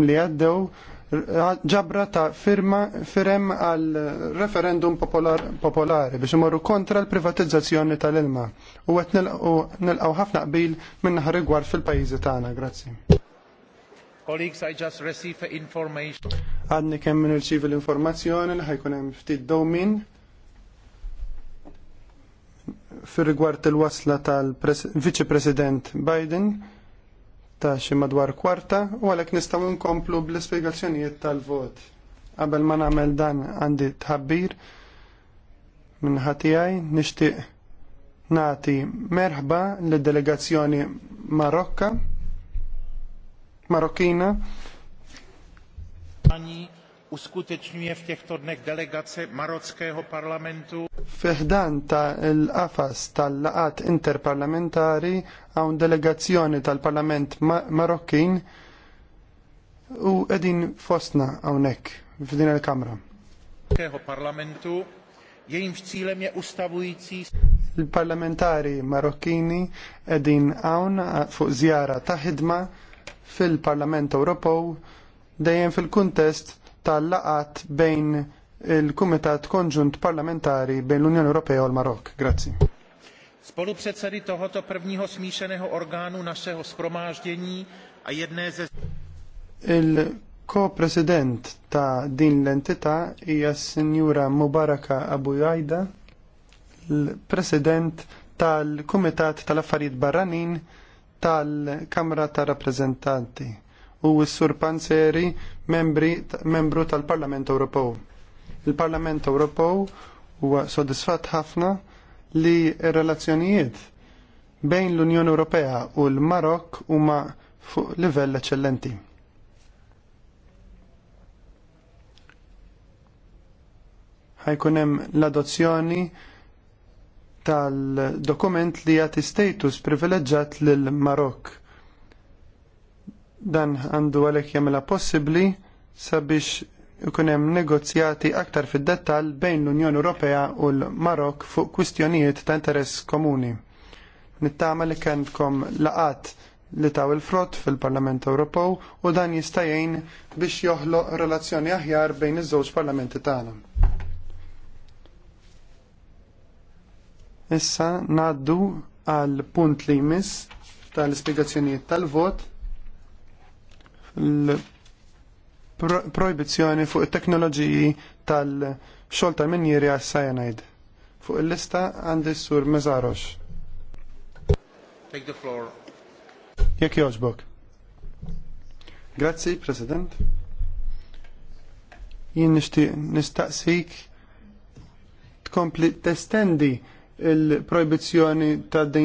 li għaddew ġabra ta' firma firem għal referendum popolari biex imorru kontra l-privatizzazzjoni tal-ilma u għet nilqaw ħafna qbil minnaħ rigward fil-pajizi tagħna. Grazzi. Colleagues, I just received information. Għadni kemm nirċivi l-informazzjoni li ħajkun hemm ftit dowmin fir rigward il-wasla tal-Viċi President Biden ta' xi madwar kwarta u għalhekk nistgħu nkomplu bl-ispjegazzjonijiet tal-vot. Qabel ma nagħmel dan għandi tħabbir minn ħatijaj nixtieq nagħti merħba lid-delegazzjoni Marokka Marokkina uskuteczniuje w tych tornek delegację marockého parlamentu. Fiħdan ta' l-qafas tal-laqat interparlamentari għawn delegazzjoni tal-parlament marokkin u edin fosna għawnek f'din il-kamra. parlamentu jgħin f'cilem ustavujci. Il-parlamentari marokkini edin għawn fuq zjara ta' ħidma fil-Parlament Ewropew dejjem fil-kuntest tal-laqat bejn il-Kumitat Konġunt Parlamentari bejn l-Unjoni Ewropea u l-Marok. Grazzi. Spolupředsedy tohoto prvního smíšeného orgánu našeho schromáždění a jedné ze... Il-ko-president ta' din l-entità hija Sinjura Mubaraka Abu Jajda, l-president tal-Kumitat tal-Affarijiet Barranin tal-Kamra ta' Rappresentanti u s-Sur Panzeri membru tal-Parlament Ewropew. Il-Parlament Ewropew huwa sodisfatt ħafna li r-relazzjonijiet bejn l-Unjoni Ewropea u l-Marok huma fuq livell eċċellenti. ħajkun hemm l-adozzjoni tal-dokument li jagħti status privileġġat lil Marokk Dan għandu għalhekk jagħmilha possibbli sabiex ikun hemm negozjati aktar fid-dettall bejn l-Unjoni Ewropea u l-Marok fuq kwistjonijiet ta' interess komuni. Nittama li kentkom laqat li taw il-frott fil-Parlament Ewropew u dan jista' jgħin biex joħloq relazzjoni aħjar bejn iż-żewġ parlamenti tagħna. Issa ngħaddu għal punt li jmiss tal-ispjegazzjonijiet tal-vot l-proibizjoni fuq it-teknoloġiji tal xol tal-minjieri għas-cyanide. Fuq il-lista għandi s-sur Mezarox. Take the floor. joġbok. Grazzi, President. Jien nistaqsik tkompli testendi il-proibizjoni ta' din